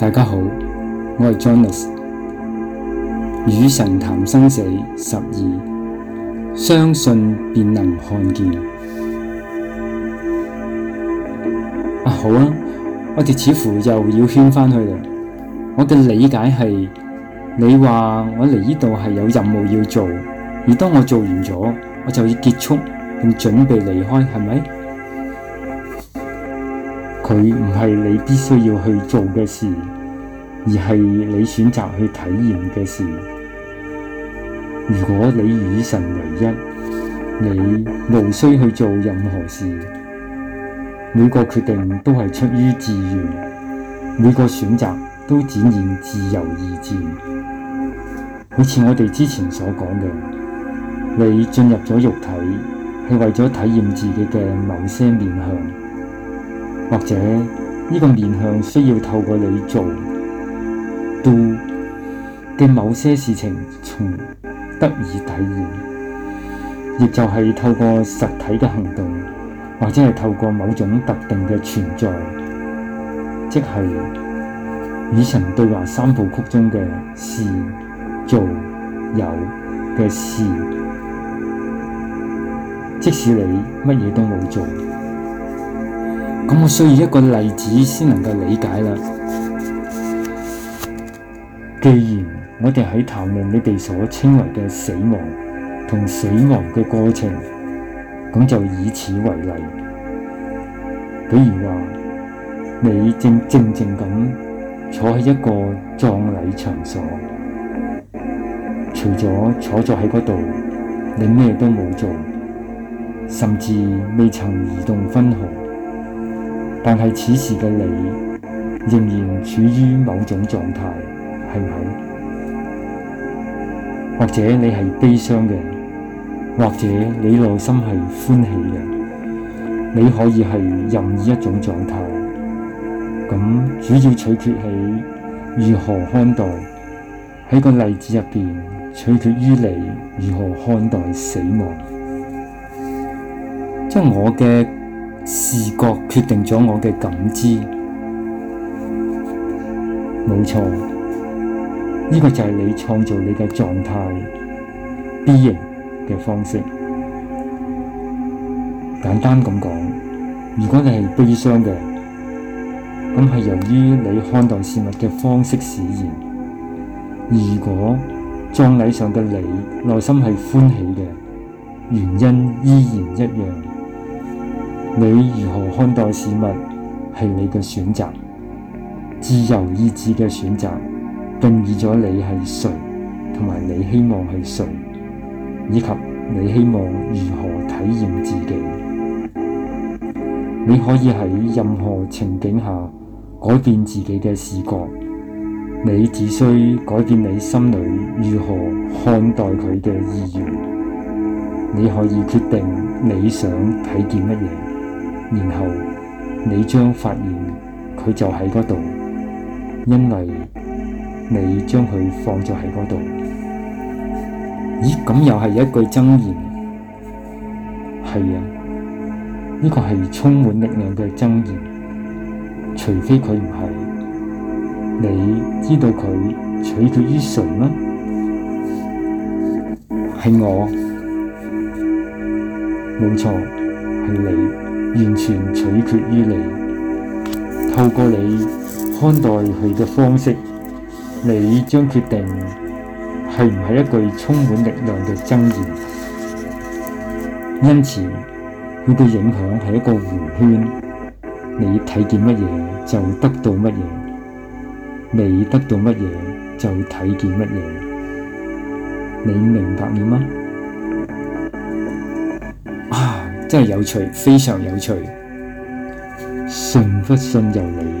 大家好，我係 Jonas，與神談生死十二，相信便能看見。啊，好啊，我哋似乎又要圈返去啦。我嘅理解係，你話我嚟呢度係有任務要做，而當我做完咗，我就要結束並準備離開，係咪？佢唔係你必須要去做嘅事，而係你選擇去體驗嘅事。如果你與神為一，你無需去做任何事。每個決定都係出於自願，每個選擇都展現自由意志。好似我哋之前所講嘅，你進入咗肉體，係為咗體驗自己嘅某些面向。或者呢，這個面向需要透過你做，做嘅某些事情，從得以體驗，亦就係透過實體嘅行動，或者係透過某種特定嘅存在，即係與神對話三部曲中嘅事、做、有嘅事，即使你乜嘢都冇做。咁我需要一個例子先能夠理解啦。既然我哋喺談論你哋所稱為嘅死亡同死亡嘅過程，咁就以此為例。比如話，你正靜靜咁坐喺一個葬禮場所，除咗坐咗喺嗰度，你咩都冇做，甚至未曾移動分毫。但係此時嘅你仍然處於某種狀態，係唔係？或者你係悲傷嘅，或者你內心係歡喜嘅，你可以係任意一種狀態。咁主要取決喺如何看待。喺個例子入面，取決於你如何看待死亡。將我嘅。視覺決定咗我嘅感知，冇錯，呢、這個就係你創造你嘅狀態 B 型嘅方式。簡單咁講，如果你係悲傷嘅，咁係由於你看待事物嘅方式使然；如果葬禮上嘅你內心係歡喜嘅，原因依然一樣。你如何看待事物係你嘅選擇，自由意志嘅選擇，定義咗你係誰，同埋你希望係誰，以及你希望如何體驗自己。你可以喺任何情景下改變自己嘅視覺，你只需改變你心裏如何看待佢嘅意願。你可以決定你想睇見乜嘢。然後你將發現佢就喺嗰度，因為你將佢放咗喺嗰度。咦，咁又係一句真言？係啊，呢、這個係充滿力量嘅真言。除非佢唔係，你知道佢取決於誰嗎？係我？冇錯，係你。完全取決於你，透過你看待佢嘅方式，你將決定係唔係一句充滿力量嘅真言。因此，佢嘅影響係一個回圈，你睇見乜嘢就得到乜嘢，你得到乜嘢就睇見乜嘢。你明白了嗎？真係有趣，非常有趣。信不信由你，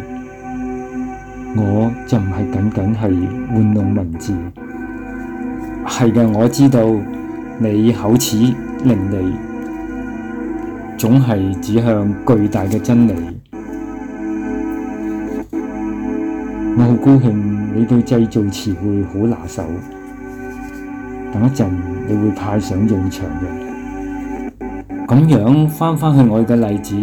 我就唔係僅僅係玩弄文字。係嘅，我知道你口齒伶俐，總係指向巨大嘅真理。我好高興你對製造詞彙好拿手，等一陣你會派上用場嘅。咁樣翻翻去我嘅例子，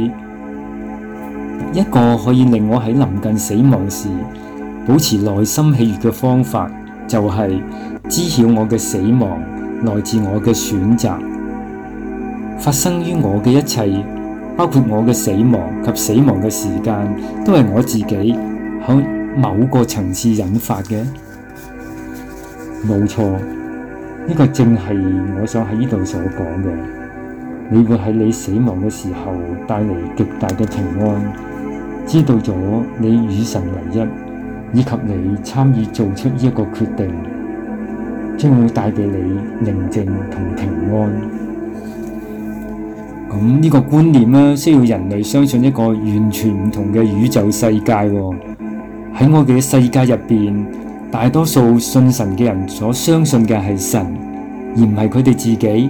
一個可以令我喺臨近死亡時保持內心喜悅嘅方法，就係知曉我嘅死亡來自我嘅選擇，發生於我嘅一切，包括我嘅死亡及死亡嘅時間，都係我自己喺某個層次引發嘅。冇錯，呢個正係我想喺呢度所講嘅。你會喺你死亡嘅時候帶嚟極大嘅平安。知道咗你與神為一，以及你參與做出呢一個決定，將會帶俾你寧靜同平安。咁呢個觀念呢，需要人類相信一個完全唔同嘅宇宙世界。喺我哋嘅世界入面，大多數信神嘅人所相信嘅係神，而唔係佢哋自己。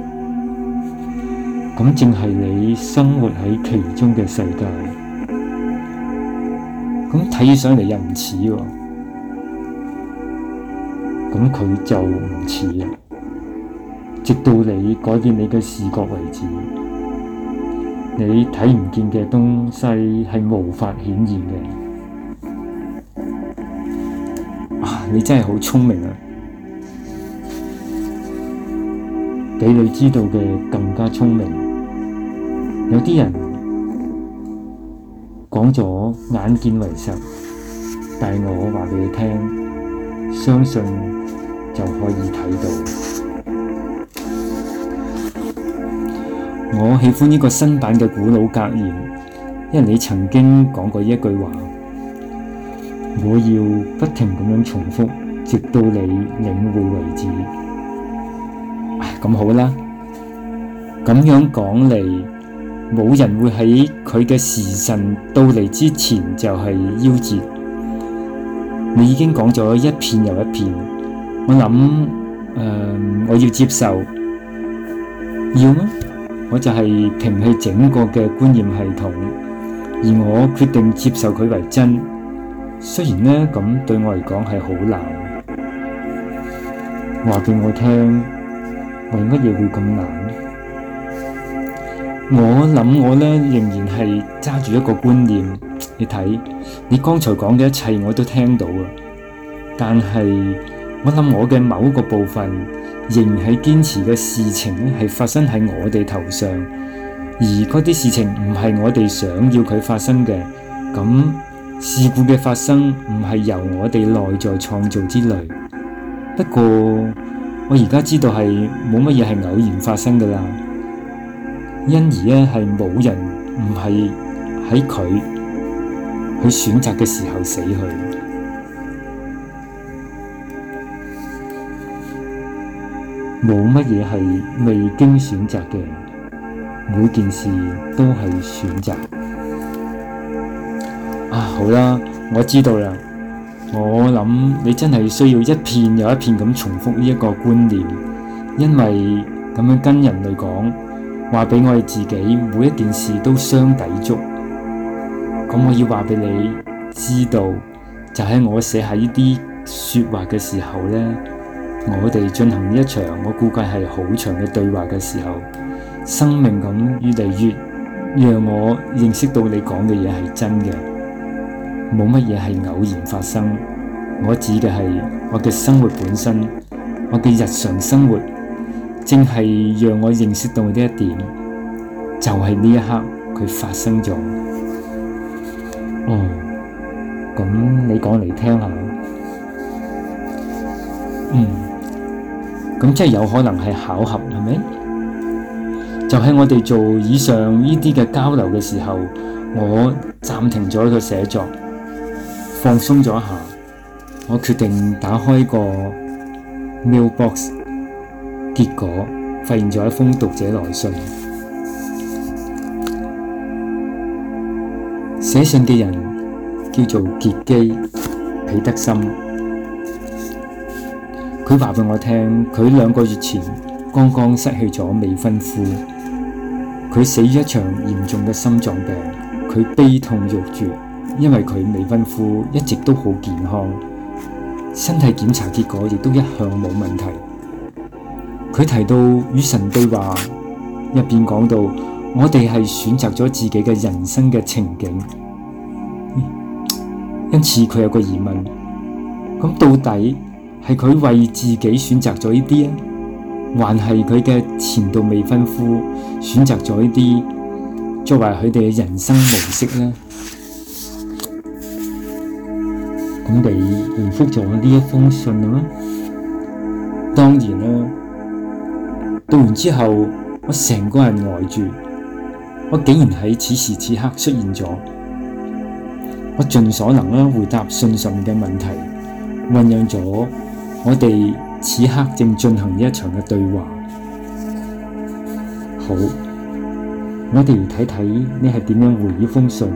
咁正係你生活喺其中嘅世界，咁睇起上嚟又唔似喎，咁佢就唔似啦。直到你改變你嘅視覺為止，你睇唔見嘅東西係無法顯現嘅。哇、啊！你真係好聰明啊，比你知道嘅更加聰明。有啲人講咗眼見為實，但係我話畀你聽，相信就可以睇到。我喜歡呢個新版嘅古老格言，因為你曾經講過一句話，我要不停咁樣重複，直到你領會為止。咁好啦，咁樣講嚟。冇人會喺佢嘅時辰到嚟之前就係夭折。你已經講咗一遍又一遍，我諗誒、嗯，我要接受，要麼，我就係摒棄整個嘅觀念系統，而我決定接受佢為真。雖然咧咁對我嚟講係好難，話俾我聽，為乜嘢會咁難？我諗我咧仍然係揸住一個觀念，你睇，你剛才講嘅一切我都聽到啊，但係我諗我嘅某一個部分仍然喺堅持嘅事情係發生喺我哋頭上，而嗰啲事情唔係我哋想要佢發生嘅，咁事故嘅發生唔係由我哋內在創造之類，不過我而家知道係冇乜嘢係偶然發生噶啦。因而咧，係冇人唔係喺佢去選擇嘅時候死去，冇乜嘢係未經選擇嘅，每件事都係選擇。啊，好啦，我知道啦，我諗你真係需要一遍又一遍咁重複呢一個觀念，因為咁樣跟人類講。話畀我哋自己每一件事都相抵觸，咁我要話畀你知道，就喺我寫下呢啲說話嘅時候咧，我哋進行一場我估計係好長嘅對話嘅時候，生命咁越嚟越讓我認識到你講嘅嘢係真嘅，冇乜嘢係偶然發生。我指嘅係我嘅生活本身，我嘅日常生活。正係讓我認識到呢一點，就係、是、呢一刻佢發生咗。哦，咁你講嚟聽下。嗯，咁即係有可能係巧合，係咪？就喺、是、我哋做以上呢啲嘅交流嘅時候，我暫停咗一個寫作，放鬆咗一下，我決定打開個 mailbox 結果發現咗一封讀者來信，寫信嘅人叫做傑基·彼得森，佢話畀我聽，佢兩個月前剛剛失去咗未婚夫，佢死於一場嚴重嘅心臟病，佢悲痛欲絕，因為佢未婚夫一直都好健康，身體檢查結果亦都一向冇問題。佢提到與神對話，入邊講到我哋係選擇咗自己嘅人生嘅情景，嗯、因此佢有個疑問：咁到底係佢為自己選擇咗呢啲啊，還係佢嘅前度未婚夫選擇咗呢啲作為佢哋嘅人生模式呢？咁你回覆咗呢一封信嗎？當然啦。讀完之後，我成個人呆住。我竟然喺此時此刻出現咗。我盡可能啦，回答信上面嘅問題，運用咗我哋此刻正進行一場嘅對話。好，我哋睇睇你係點樣回呢封信，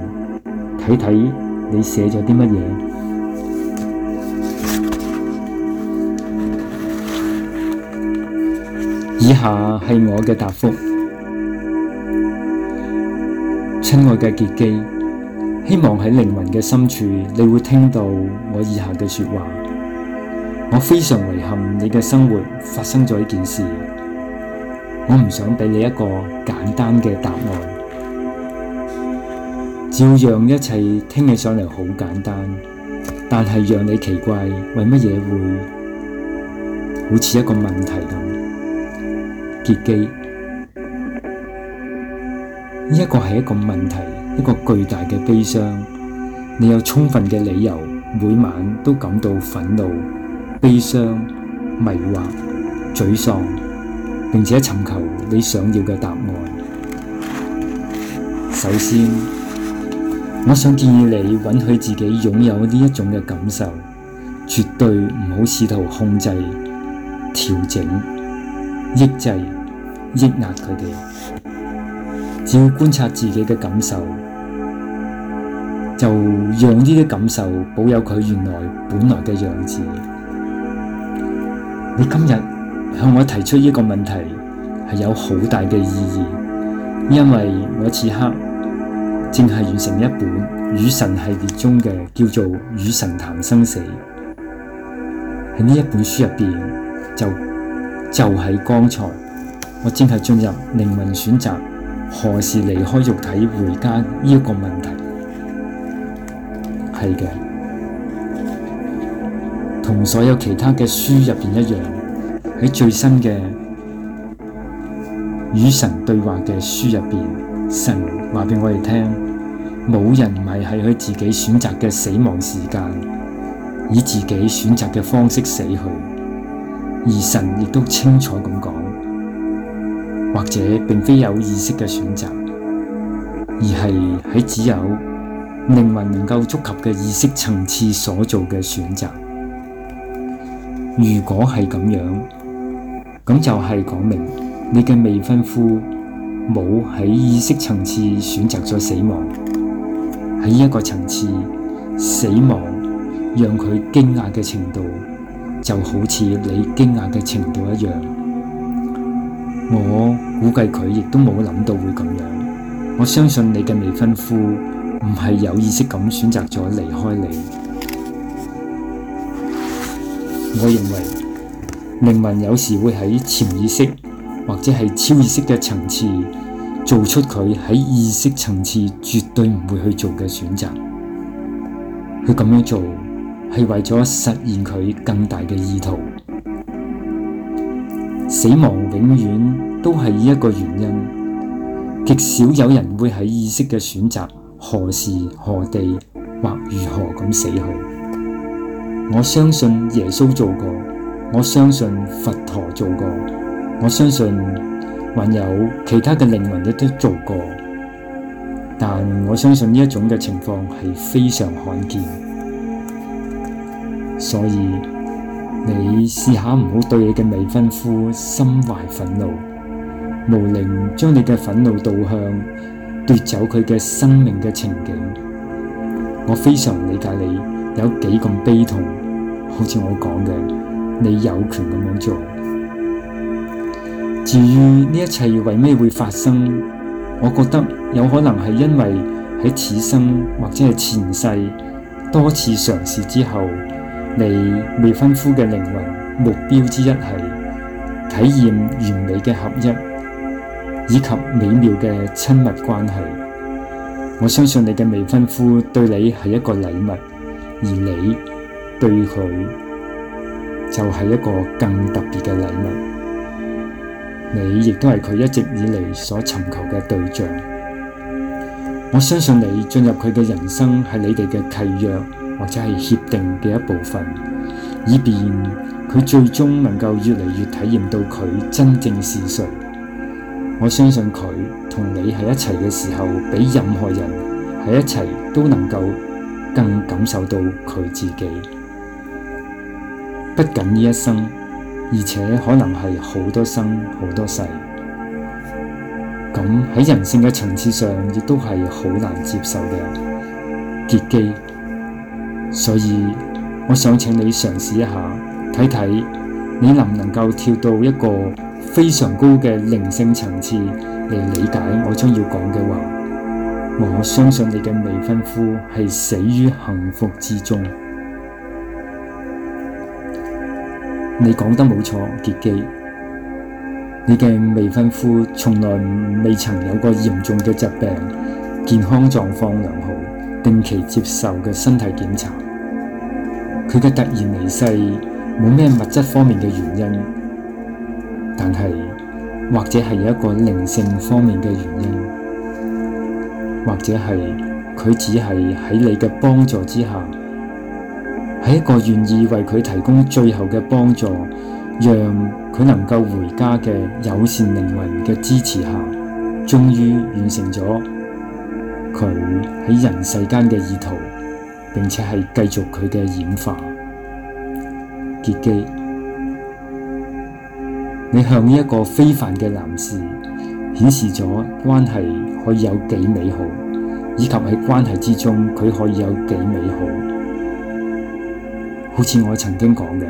睇睇你寫咗啲乜嘢。以下係我嘅答覆親愛嘅傑基，希望喺靈魂嘅深處你會聽到我以下嘅說話。我非常遺憾你嘅生活發生咗呢件事，我唔想俾你一個簡單嘅答案，照樣一切聽起上嚟好簡單，但係讓你奇怪為乜嘢會好似一個問題咁。結機，呢一個係一個問題，一個巨大嘅悲傷。你有充分嘅理由，每晚都感到憤怒、悲傷、迷惑、沮喪，並且尋求你想要嘅答案。首先，我想建議你允許自己擁有呢一種嘅感受，絕對唔好試圖控制、調整、抑制。抑壓佢哋，只要觀察自己嘅感受，就讓呢啲感受保有佢原來本來嘅樣子。你今日向我提出呢個問題係有好大嘅意義，因為我此刻正係完成一本與神系列中嘅叫做《與神談生死》，喺呢本書入面，就就喺剛才。我正係進入靈魂選擇何時離開肉體回家呢一個問題，係嘅，同所有其他嘅書入邊一樣，喺最新嘅與神對話嘅書入邊，神話俾我哋聽，冇人唔係喺佢自己選擇嘅死亡時間，以自己選擇嘅方式死去，而神亦都清楚咁講。或者並非有意識嘅選擇，而係喺只有靈魂能夠觸及嘅意識層次所做嘅選擇。如果係咁樣，咁就係講明你嘅未婚夫冇喺意識層次選擇咗死亡。喺呢一個層次，死亡讓佢驚訝嘅程度，就好似你驚訝嘅程度一樣。我估計佢亦都冇諗到會咁樣。我相信你嘅未婚夫唔係有意識咁選擇咗離開你。我認為，靈魂有時會喺潛意識，或者係超意識嘅層次，做出佢喺意識層次絕對唔會去做嘅選擇。佢咁樣做，係為咗實現佢更大嘅意圖。死亡永遠都係一個原因，極少有人會喺意識嘅選擇何時何地或如何咁死去。我相信耶穌做過，我相信佛陀做過，我相信還有其他嘅靈魂亦都做過，但我相信呢一種嘅情況係非常罕見，所以。你試下唔好對你嘅未婚夫心懷憤怒，無寧將你嘅憤怒導向奪走佢嘅生命嘅情景。我非常理解你有幾咁悲痛，好似我講嘅，你有權咁樣做。至於呢一切為咩會發生，我覺得有可能係因為喺此生或者係前世多次嘗試之後。你未婚夫嘅靈魂目標之一係體驗完美嘅合一，以及美妙嘅親密關係。我相信你嘅未婚夫對你係一個禮物，而你對佢就係一個更特別嘅禮物。你亦都係佢一直以嚟所尋求嘅對象。我相信你進入佢嘅人生係你哋嘅契約，或者係協定嘅一部分，以便佢最終能夠越嚟越體驗到佢真正是誰。我相信佢同你喺一齊嘅時候，比任何人喺一齊都能夠更感受到佢自己。不僅呢一生，而且可能係好多生好多世。咁喺人性嘅層次上，亦都係好難接受嘅結局。所以我想請你嘗試一下，睇睇你能唔能夠跳到一個非常高嘅靈性層次嚟理解我將要講嘅話。我相信你嘅未婚夫係死於幸福之中。你講得冇錯，傑基。你嘅未婚夫從來未曾有過嚴重嘅疾病，健康狀況良好，定期接受嘅身體檢查。佢嘅突然離世冇咩物質方面嘅原因，但係或者係有一個靈性方面嘅原因，或者係佢只係喺你嘅幫助之下，喺一個願意為佢提供最後嘅幫助，讓佢能夠回家嘅友善靈魂嘅支持下，終於完成咗佢喺人世間嘅意圖。並且係繼續佢嘅演化，結基，你向呢一個非凡嘅男士顯示咗關係可以有幾美好，以及喺關係之中佢可以有幾美好。好似我曾經講嘅，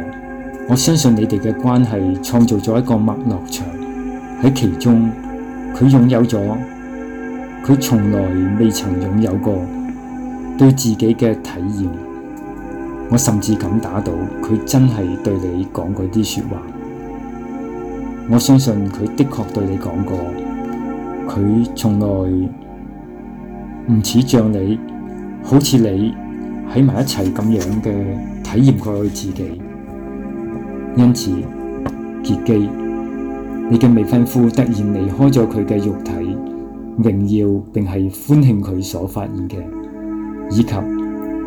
我相信你哋嘅關係創造咗一個脈絡場，喺其中，佢擁有咗佢從來未曾擁有過。對自己嘅體驗，我甚至敢打賭，佢真係對你講過啲說話。我相信佢的確對你講過，佢從來唔似像，像你，好似你喺埋一齊咁樣嘅體驗過佢自己。因此，結基，你嘅未婚夫突然離開咗佢嘅肉體，榮耀並係歡慶佢所發現嘅。以及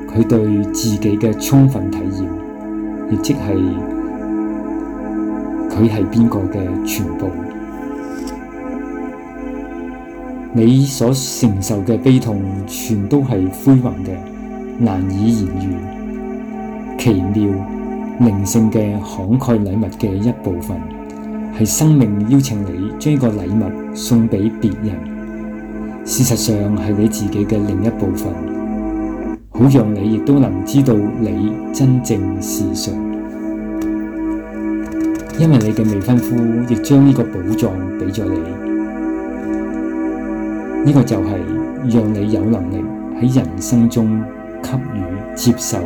佢對自己嘅充分體驗，亦即係佢係邊個嘅全部。你所承受嘅悲痛，全都係灰雲嘅，難以言喻，奇妙靈性嘅慷慨禮物嘅一部分，係生命邀請你將呢個禮物送俾別人。事實上係你自己嘅另一部分。好讓你亦都能知道你真正是誰，因為你嘅未婚夫亦將呢個寶藏俾咗你。呢、這個就係讓你有能力喺人生中給予、接受，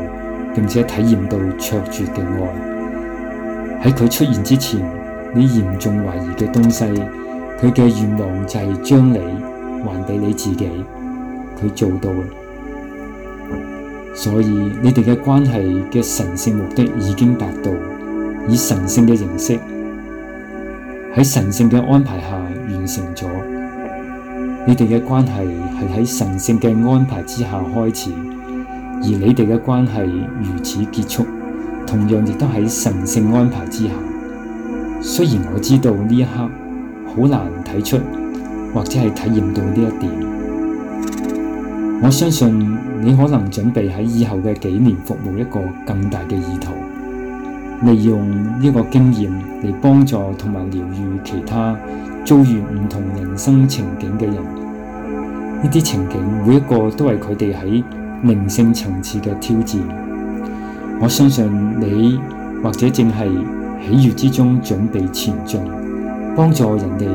並且體驗到卓絕嘅愛。喺佢出現之前，你嚴重懷疑嘅東西，佢嘅願望就係將你還俾你自己，佢做到所以你哋嘅關係嘅神聖目的已經達到，以神聖嘅形式喺神聖嘅安排下完成咗。你哋嘅關係係喺神聖嘅安排之下開始，而你哋嘅關係如此結束，同樣亦都喺神聖安排之下。雖然我知道呢一刻好難睇出，或者係體驗到呢一點，我相信。你可能準備喺以後嘅幾年服務一個更大嘅意圖，利用呢個經驗嚟幫助同埋療癒其他遭遇唔同人生情景嘅人。呢啲情景每一個都係佢哋喺靈性層次嘅挑戰。我相信你或者正係喜悅之中準備前進，幫助人哋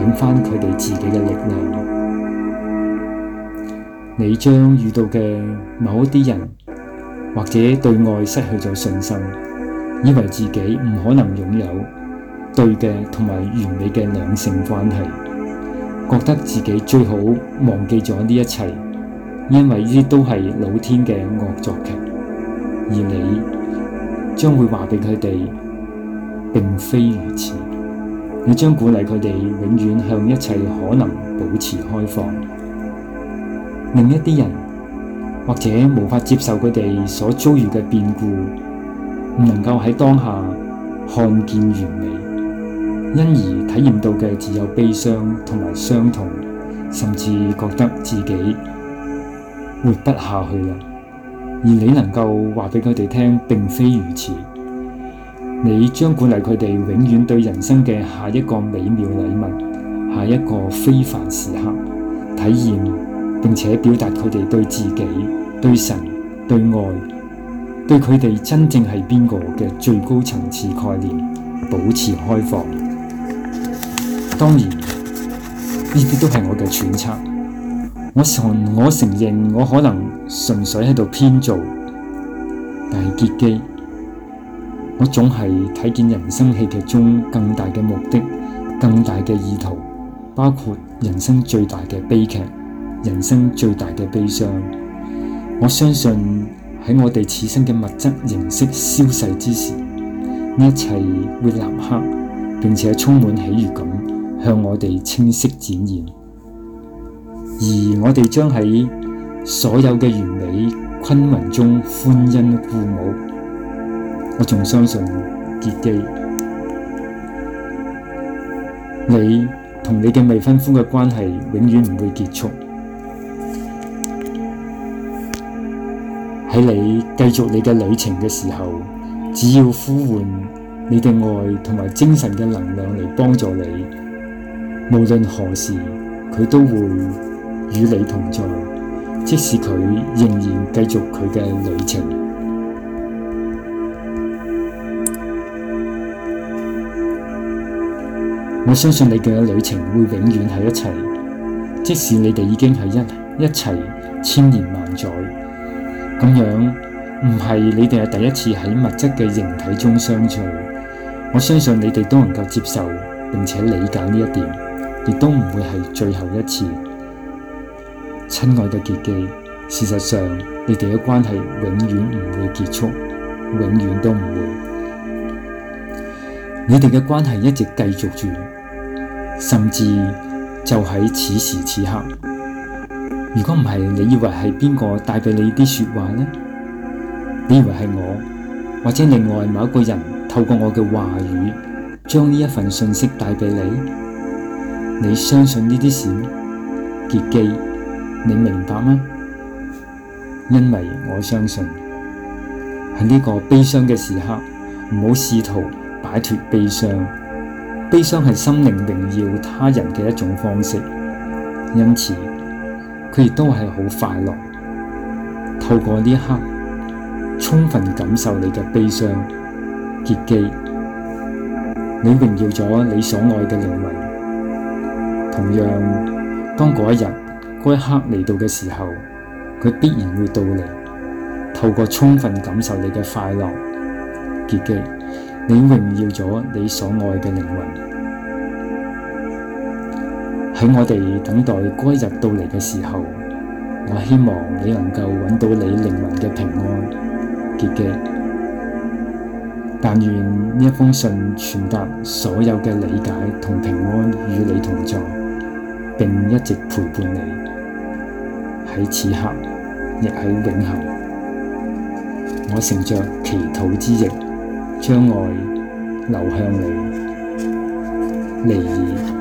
揾翻佢哋自己嘅力量。你將遇到嘅某一啲人，或者對愛失去咗信心，以為自己唔可能擁有對嘅同埋完美嘅兩性關係，覺得自己最好忘記咗呢一切，因為呢啲都係老天嘅惡作劇。而你將會話俾佢哋，並非如此。你將鼓勵佢哋永遠向一切可能保持開放。另一啲人或者無法接受佢哋所遭遇嘅變故，唔能夠喺當下看見完美，因而體驗到嘅只有悲傷同埋傷痛，甚至覺得自己活不下去啦。而你能夠話畀佢哋聽，並非如此，你將鼓勵佢哋永遠對人生嘅下一個美妙禮物、下一個非凡時刻體驗。並且表達佢哋對自己、對神、對愛、對佢哋真正係邊個嘅最高層次概念保持開放。當然呢啲都係我嘅揣測，我承我承認我可能純粹喺度編造，但係結基我總係睇見人生戲劇中更大嘅目的、更大嘅意圖，包括人生最大嘅悲劇。人生最大嘅悲傷，我相信喺我哋此生嘅物質形式消逝之時，呢一切會立刻並且充滿喜悅感，向我哋清晰展現。而我哋將喺所有嘅完美昆云中歡欣鼓舞。我仲相信傑基，你同你嘅未婚夫嘅關係永遠唔會結束。喺你繼續你嘅旅程嘅時候，只要呼喚你嘅愛同埋精神嘅能量嚟幫助你，無論何時佢都會與你同在，即使佢仍然繼續佢嘅旅程。我相信你嘅旅程會永遠喺一齊，即使你哋已經喺一一齊千年萬載。咁樣唔係你哋係第一次喺物質嘅形體中相處，我相信你哋都能夠接受並且理解呢一點，亦都唔會係最後一次。親愛嘅杰基，事實上你哋嘅關係永遠唔會結束，永遠都唔會。你哋嘅關係一直繼續住，甚至就喺此時此刻。如果唔係，你以為係邊個帶俾你啲說話呢？你以為係我，或者另外某一個人透過我嘅話語將呢一份信息帶俾你？你相信呢啲事？結記，你明白嗎？因為我相信喺呢個悲傷嘅時刻，唔好試圖擺脫悲傷。悲傷係心靈榮耀他人嘅一種方式，因此。佢亦都係好快樂，透過呢一刻，充分感受你嘅悲傷，結基，你榮耀咗你所愛嘅靈魂。同樣，當嗰一日，嗰一刻嚟到嘅時候，佢必然會到嚟。透過充分感受你嘅快樂，結基，你榮耀咗你所愛嘅靈魂。喺我哋等待該日到嚟嘅時候，我希望你能夠揾到你靈魂嘅平安結嘅。但願呢一封信傳達所有嘅理解同平安與你同在，並一直陪伴你喺此刻亦喺永恆。我乘着祈禱之翼，將愛流向你，尼爾。